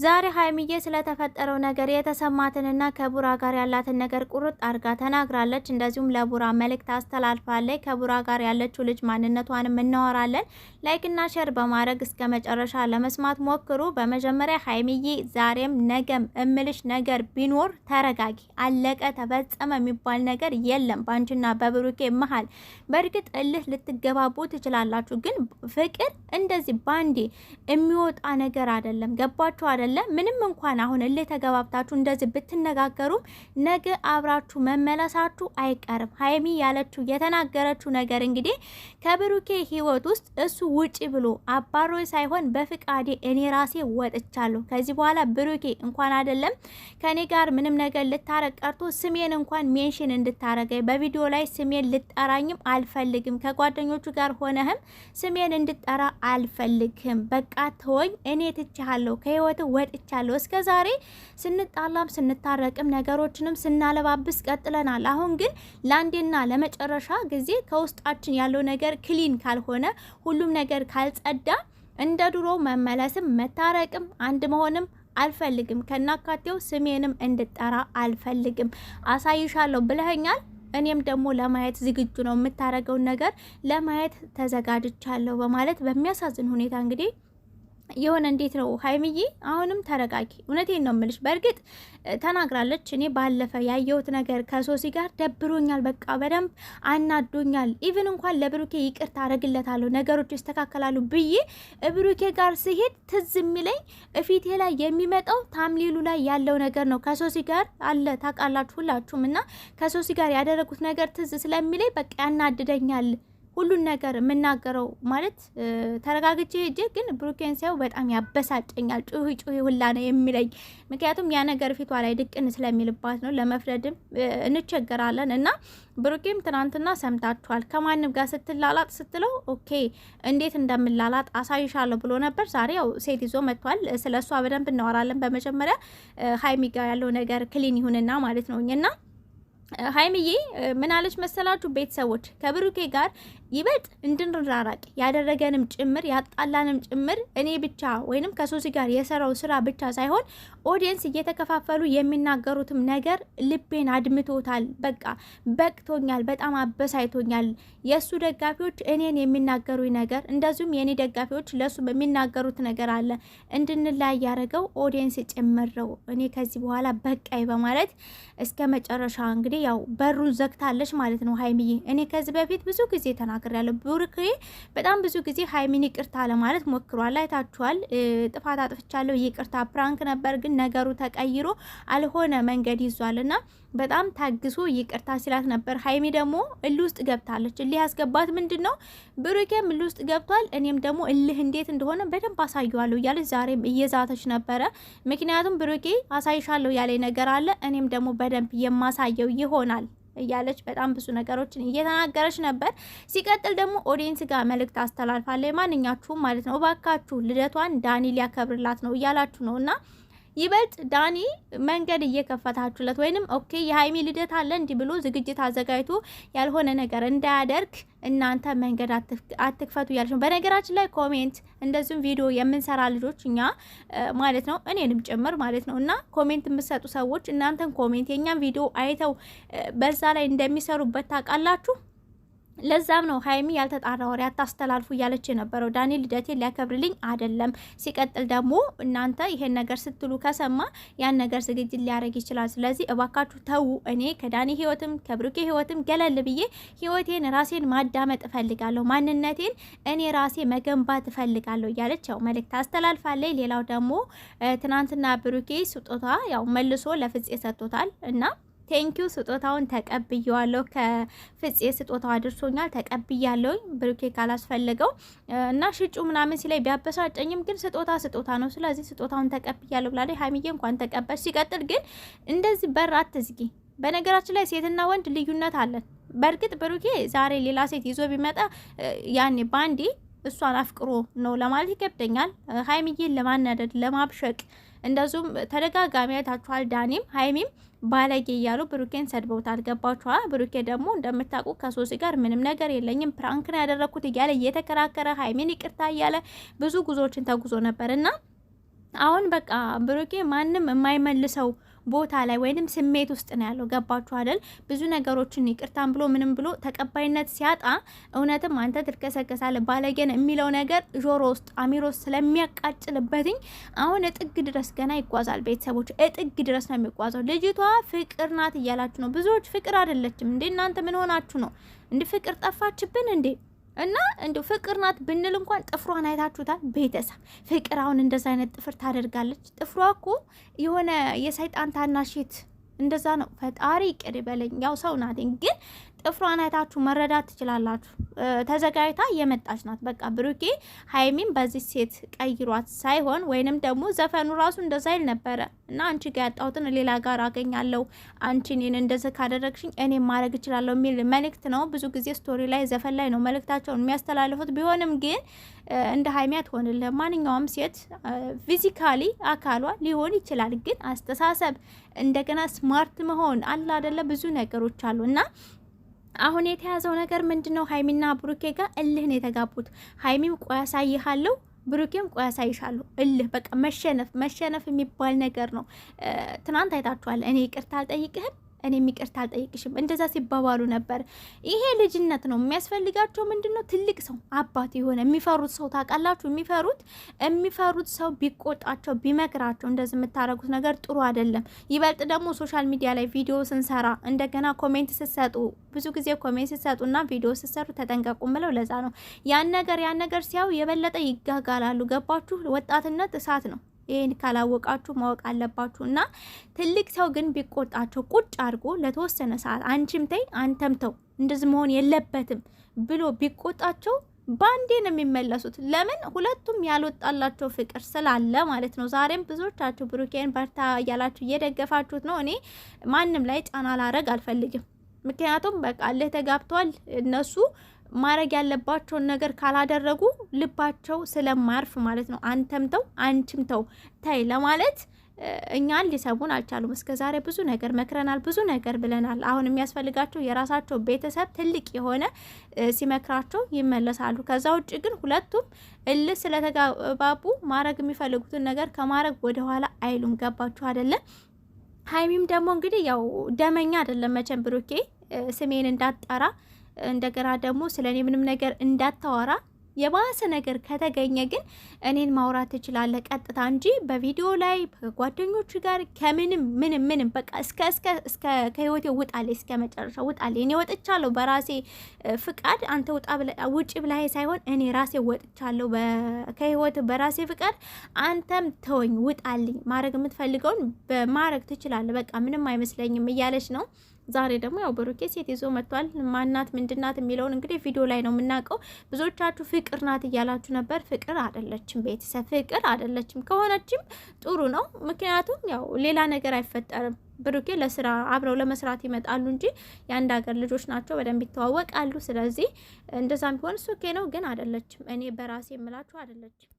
ዛሬ ሀይሚዬ ስለተፈጠረው ነገር የተሰማትንና ከቡራ ጋር ያላትን ነገር ቁርጥ አድርጋ ተናግራለች። እንደዚሁም ለቡራ መልእክት አስተላልፋለች። ከቡራ ጋር ያለችው ልጅ ማንነቷንም እናወራለን። ላይክና ሼር በማድረግ እስከ መጨረሻ ለመስማት ሞክሩ። በመጀመሪያ ሀይሚዬ ዛሬም ነገም እምልሽ ነገር ቢኖር ተረጋጊ። አለቀ ተፈጸመ የሚባል ነገር የለም በአንቺና በብሩኬ መሀል። በእርግጥ እልህ ልትገባቡ ትችላላችሁ፣ ግን ፍቅር እንደዚህ ባንዴ የሚወጣ ነገር አይደለም። ገባችሁ? አይደለ? ምንም እንኳን አሁን እልህ ተገባብታችሁ እንደዚህ ብትነጋገሩም ነገ አብራችሁ መመለሳችሁ አይቀርም። ሀይሚ ያለችው የተናገረችው ነገር እንግዲህ ከብሩኬ ህይወት ውስጥ እሱ ውጪ ብሎ አባሮ ሳይሆን በፍቃዴ እኔ ራሴ ወጥቻለሁ። ከዚህ በኋላ ብሩኬ እንኳን አይደለም ከኔ ጋር ምንም ነገር ልታረቅ ቀርቶ ስሜን እንኳን ሜንሽን እንድታረገኝ በቪዲዮ ላይ ስሜን ልጠራኝም አልፈልግም። ከጓደኞቹ ጋር ሆነህም ስሜን እንድጠራ አልፈልግም። በቃ ተወኝ፣ እኔ ትችሃለሁ ከህይወት ወጥቻለሁ። እስከ ዛሬ ስንጣላም ስንታረቅም ነገሮችንም ስናለባብስ ቀጥለናል። አሁን ግን ለአንዴና ለመጨረሻ ጊዜ ከውስጣችን ያለው ነገር ክሊን ካልሆነ ሁሉም ነገር ካልጸዳ እንደ ድሮ መመለስም መታረቅም አንድ መሆንም አልፈልግም። ከናካቴው ስሜንም እንድጠራ አልፈልግም። አሳይሻለሁ ብለኸኛል። እኔም ደግሞ ለማየት ዝግጁ ነው። የምታደርገውን ነገር ለማየት ተዘጋጅቻለሁ በማለት በሚያሳዝን ሁኔታ እንግዲህ የሆነ እንዴት ነው ሀይምዬ፣ አሁንም ተረጋጊ። እውነቴን ነው የምልሽ። በእርግጥ ተናግራለች። እኔ ባለፈ ያየሁት ነገር ከሶሲ ጋር ደብሮኛል፣ በቃ በደንብ አናዶኛል። ኢቭን እንኳን ለብሩኬ ይቅርታ አረግለታለሁ፣ ነገሮች ይስተካከላሉ ብዬ ብሩኬ ጋር ስሄድ ትዝ የሚለኝ እፊቴ ላይ የሚመጣው ታምሌሉ ላይ ያለው ነገር ነው። ከሶሲ ጋር አለ ታውቃላችሁ ሁላችሁም እና ከሶሲ ጋር ያደረጉት ነገር ትዝ ስለሚለኝ በቃ ያናድደኛል ሁሉን ነገር የምናገረው ማለት ተረጋግቼ ሄጄ ግን ብሩኬን ሲያው በጣም ያበሳጨኛል። ጩ ጩህ ሁላ ነው የሚለኝ። ምክንያቱም ያ ነገር ፊቷ ላይ ድቅን ስለሚልባት ነው። ለመፍረድም እንቸገራለን እና ብሩኬም ትናንትና ሰምታችኋል። ከማንም ጋር ስትላላጥ ስትለው ኦኬ እንዴት እንደምላላጥ አሳይሻለሁ ብሎ ነበር። ዛሬ ያው ሴት ይዞ መጥቷል። ስለ እሷ በደንብ እናወራለን። በመጀመሪያ ሀይሚ ያለው ነገር ክሊን ይሁንና ማለት ነው ሀይምዬ ምን አለች መሰላችሁ? ቤተሰቦች ከብሩኬ ጋር ይበልጥ እንድንራራቅ ያደረገንም ጭምር ያጣላንም ጭምር እኔ ብቻ ወይንም ከሶሲ ጋር የሰራው ስራ ብቻ ሳይሆን ኦዲየንስ እየተከፋፈሉ የሚናገሩትም ነገር ልቤን አድምቶታል። በቃ በቅቶኛል፣ በጣም አበሳይቶኛል። የእሱ ደጋፊዎች እኔን የሚናገሩ ነገር እንደዚሁም የእኔ ደጋፊዎች ለእሱ የሚናገሩት ነገር አለ እንድንላይ ያደረገው ኦዲየንስ ጭምር ነው። እኔ ከዚህ በኋላ በቃይ በማለት እስከ መጨረሻ እንግዲህ ያው በሩን ዘግታለች ማለት ነው ሀይሚዬ። እኔ ከዚህ በፊት ብዙ ጊዜ ተናግሬያለሁ። ብሩኬ በጣም ብዙ ጊዜ ሀይሚን ይቅርታ ለማለት ሞክሯል። አይታችኋል። ጥፋት አጥፍቻለሁ፣ ይቅርታ ፕራንክ ነበር፣ ግን ነገሩ ተቀይሮ አልሆነ መንገድ ይዟልና በጣም ታግሶ ይቅርታ ሲላት ነበር። ሀይሚ ደግሞ እልህ ውስጥ ገብታለች። እልህ ያስገባት ምንድን ነው? ብሩኬም እልህ ውስጥ ገብቷል። እኔም ደግሞ እልህ እንዴት እንደሆነ በደንብ አሳየዋለሁ እያለች ዛሬም እየዛተች ነበረ። ምክንያቱም ብሩኬ አሳይሻለሁ ያለ ነገር አለ፣ እኔም ደግሞ በደንብ የማሳየው ይሆናል እያለች በጣም ብዙ ነገሮችን እየተናገረች ነበር። ሲቀጥል ደግሞ ኦዲየንስ ጋር መልእክት አስተላልፋለች። ማንኛችሁም ማለት ነው እባካችሁ ልደቷን ዳኒ ሊያከብርላት ነው እያላችሁ ነው እና ይበልጥ ዳኒ መንገድ እየከፈታችሁለት ወይንም ኦኬ የሀይሚ ልደት አለ እንዲህ ብሎ ዝግጅት አዘጋጅቶ ያልሆነ ነገር እንዳያደርግ እናንተ መንገድ አትክፈቱ እያለች ነው። በነገራችን ላይ ኮሜንት፣ እንደዚሁም ቪዲዮ የምንሰራ ልጆች እኛ ማለት ነው እኔንም ጭምር ማለት ነው እና ኮሜንት የምትሰጡ ሰዎች እናንተን ኮሜንት የእኛን ቪዲዮ አይተው በዛ ላይ እንደሚሰሩበት ታውቃላችሁ። ለዛም ነው ሀይሚ ያልተጣራ ወሬ አታስተላልፉ እያለች የነበረው። ዳኒ ልደቴን ሊያከብርልኝ አይደለም። ሲቀጥል ደግሞ እናንተ ይሄን ነገር ስትሉ ከሰማ ያን ነገር ዝግጅት ሊያደርግ ይችላል። ስለዚህ እባካችሁ ተዉ። እኔ ከዳኒ ህይወትም ከብሩኬ ህይወትም ገለል ብዬ ህይወቴን ራሴን ማዳመጥ እፈልጋለሁ፣ ማንነቴን እኔ ራሴ መገንባት እፈልጋለሁ እያለች ያው መልእክት አስተላልፋለች። ሌላው ደግሞ ትናንትና ብሩኬ ስጦታ ያው መልሶ ለፍፄ ሰጥቶታል እና ቴንኪዩ ስጦታውን ተቀብያለሁ። ከፍፄ ስጦታው አድርሶኛል ተቀብያለሁኝ። ብሩኬ ካላስፈለገው እና ሽጩ ምናምን ሲላይ ቢያበሳጨኝም ግን ስጦታ ስጦታ ነው። ስለዚህ ስጦታውን ተቀብያለሁ ብላለች። ሀይሚዬ እንኳን ተቀበል። ሲቀጥል ግን እንደዚህ በር አትዝጊ። በነገራችን ላይ ሴትና ወንድ ልዩነት አለን። በእርግጥ ብሩኬ ዛሬ ሌላ ሴት ይዞ ቢመጣ ያኔ ባንዴ እሷን አፍቅሮ ነው ለማለት ይከብደኛል። ሀይሚዬን ለማናደድ ለማብሸቅ እንደዚሁም ተደጋጋሚ አይታችኋል። ዳኒም ሀይሚም ባለጌ እያሉ ብሩኬን ሰድበውታል። ገባችኋ? ብሩኬ ደግሞ እንደምታውቁ ከሶሲ ጋር ምንም ነገር የለኝም ፕራንክን ያደረግኩት እያለ እየተከራከረ ሀይሚን ይቅርታ እያለ ብዙ ጉዞዎችን ተጉዞ ነበር እና አሁን በቃ ብሩኬ ማንም የማይመልሰው ቦታ ላይ ወይንም ስሜት ውስጥ ነው ያለው። ገባችሁ አይደል? ብዙ ነገሮችን ይቅርታን ብሎ ምንም ብሎ ተቀባይነት ሲያጣ እውነትም አንተ ትልከሰከሳለህ ባለጌን የሚለው ነገር ጆሮ ውስጥ አሚሮ ስለሚያቃጭልበትኝ አሁን እጥግ ድረስ ገና ይጓዛል። ቤተሰቦች እጥግ ድረስ ነው የሚጓዘው። ልጅቷ ፍቅር ናት እያላችሁ ነው ብዙዎች። ፍቅር አይደለችም እንዴ እናንተ ምን ሆናችሁ ነው እንዲ? ፍቅር ጠፋችብን እንዴ? እና እንዲ ፍቅር ናት ብንል እንኳን ጥፍሯን አይታችሁታል ቤተሰብ። ፍቅር አሁን እንደዛ አይነት ጥፍር ታደርጋለች። ጥፍሯ እኮ የሆነ የሰይጣን ታናሽት እንደዛ ነው። ፈጣሪ ቅድ በለኝ። ያው ሰው ናትኝ ግን ጥፍሯን አይታችሁ መረዳት ትችላላችሁ። ተዘጋጅታ የመጣች ናት። በቃ ብሩኬ ሀይሚን በዚህ ሴት ቀይሯት ሳይሆን ወይንም ደግሞ ዘፈኑ ራሱ እንደዛ ይል ነበረ እና አንቺ ጋ ያጣሁትን ሌላ ጋር አገኛለሁ፣ አንቺ እኔን እንደዚህ ካደረግሽኝ እኔም ማድረግ እችላለሁ የሚል መልእክት ነው። ብዙ ጊዜ ስቶሪ ላይ ዘፈን ላይ ነው መልእክታቸውን የሚያስተላልፉት። ቢሆንም ግን እንደ ሀይሚ አትሆንልህ። ማንኛውም ሴት ፊዚካሊ አካሏ ሊሆን ይችላል፣ ግን አስተሳሰብ እንደገና ስማርት መሆን አለ አደለ፣ ብዙ ነገሮች አሉ እና አሁን የተያዘው ነገር ምንድን ነው? ሀይሚና ብሩኬ ጋር እልህ ነው የተጋቡት። ሀይሚም ቆይ አሳይሃለሁ፣ ብሩኬም ቆይ አሳይሻለሁ። እልህ በቃ መሸነፍ መሸነፍ የሚባል ነገር ነው። ትናንት አይታችኋል። እኔ ይቅርታ አልጠይቅህም እኔ ይቅርታ አልጠይቅሽም፣ እንደዛ ሲባባሉ ነበር። ይሄ ልጅነት ነው የሚያስፈልጋቸው። ምንድን ነው ትልቅ ሰው አባት የሆነ የሚፈሩት ሰው ታውቃላችሁ፣ የሚፈሩት የሚፈሩት ሰው ቢቆጣቸው ቢመክራቸው፣ እንደዚህ የምታደርጉት ነገር ጥሩ አይደለም። ይበልጥ ደግሞ ሶሻል ሚዲያ ላይ ቪዲዮ ስንሰራ እንደገና ኮሜንት ስሰጡ፣ ብዙ ጊዜ ኮሜንት ስሰጡና ቪዲዮ ስሰሩ ተጠንቀቁ ምለው ለዛ ነው ያን ነገር ያን ነገር ሲያዩ የበለጠ ይጋጋላሉ። ገባችሁ? ወጣትነት እሳት ነው። ይህን ካላወቃችሁ ማወቅ አለባችሁ። እና ትልቅ ሰው ግን ቢቆጣቸው ቁጭ አድርጎ ለተወሰነ ሰዓት አንቺም ተይ አንተም ተው እንደዚህ መሆን የለበትም ብሎ ቢቆጣቸው ባንዴ ነው የሚመለሱት። ለምን ሁለቱም ያልወጣላቸው ፍቅር ስላለ ማለት ነው። ዛሬም ብዙዎቻችሁ ብሩኬን በርታ እያላችሁ እየደገፋችሁት ነው። እኔ ማንም ላይ ጫና ላረግ አልፈልግም። ምክንያቱም በቃ ልህ ተጋብተዋል እነሱ ማድረግ ያለባቸውን ነገር ካላደረጉ ልባቸው ስለማርፍ ማለት ነው። አንተም ተው አንቺም ተው ታይ ለማለት እኛን ሊሰቡን አልቻሉም። እስከ ዛሬ ብዙ ነገር መክረናል፣ ብዙ ነገር ብለናል። አሁን የሚያስፈልጋቸው የራሳቸው ቤተሰብ ትልቅ የሆነ ሲመክራቸው ይመለሳሉ። ከዛ ውጭ ግን ሁለቱም እልህ ስለተጋባቡ ማድረግ የሚፈልጉትን ነገር ከማድረግ ወደኋላ አይሉም። ገባችሁ አይደለም? ሀይሚም ደግሞ እንግዲህ ያው ደመኛ አይደለም መቼም ብሩኬ ስሜን እንዳጠራ እንደገና ደግሞ ስለ እኔ ምንም ነገር እንዳታወራ የባሰ ነገር ከተገኘ ግን እኔን ማውራት ትችላለህ ቀጥታ እንጂ በቪዲዮ ላይ ከጓደኞቹ ጋር ከምንም ምንም ምንም በቃ እስከ እስከ እስከ ከህይወቴ ውጣሌ እስከ መጨረሻ ውጣሌ። እኔ ወጥቻለሁ በራሴ ፍቃድ። አንተ ውጣ ውጪ ብላሄ ሳይሆን እኔ ራሴ ወጥቻለሁ ከህይወት በራሴ ፍቃድ። አንተም ተወኝ፣ ውጣልኝ። ማድረግ የምትፈልገውን ማድረግ ትችላለህ፣ በቃ ምንም አይመስለኝም እያለች ነው ዛሬ ደግሞ ያው ብሩኬ ሴት ይዞ መጥቷል። ማናት ምንድናት የሚለውን እንግዲህ ቪዲዮ ላይ ነው የምናውቀው። ብዙዎቻችሁ ፍቅር ናት እያላችሁ ነበር። ፍቅር አይደለችም፣ ቤተሰብ ፍቅር አይደለችም። ከሆነችም ጥሩ ነው፣ ምክንያቱም ያው ሌላ ነገር አይፈጠርም። ብሩኬ ለስራ አብረው ለመስራት ይመጣሉ እንጂ የአንድ ሀገር ልጆች ናቸው፣ በደንብ ይተዋወቃሉ። ስለዚህ እንደዛም ቢሆን ሱኬ ነው፣ ግን አይደለችም። እኔ በራሴ የምላችሁ አይደለችም።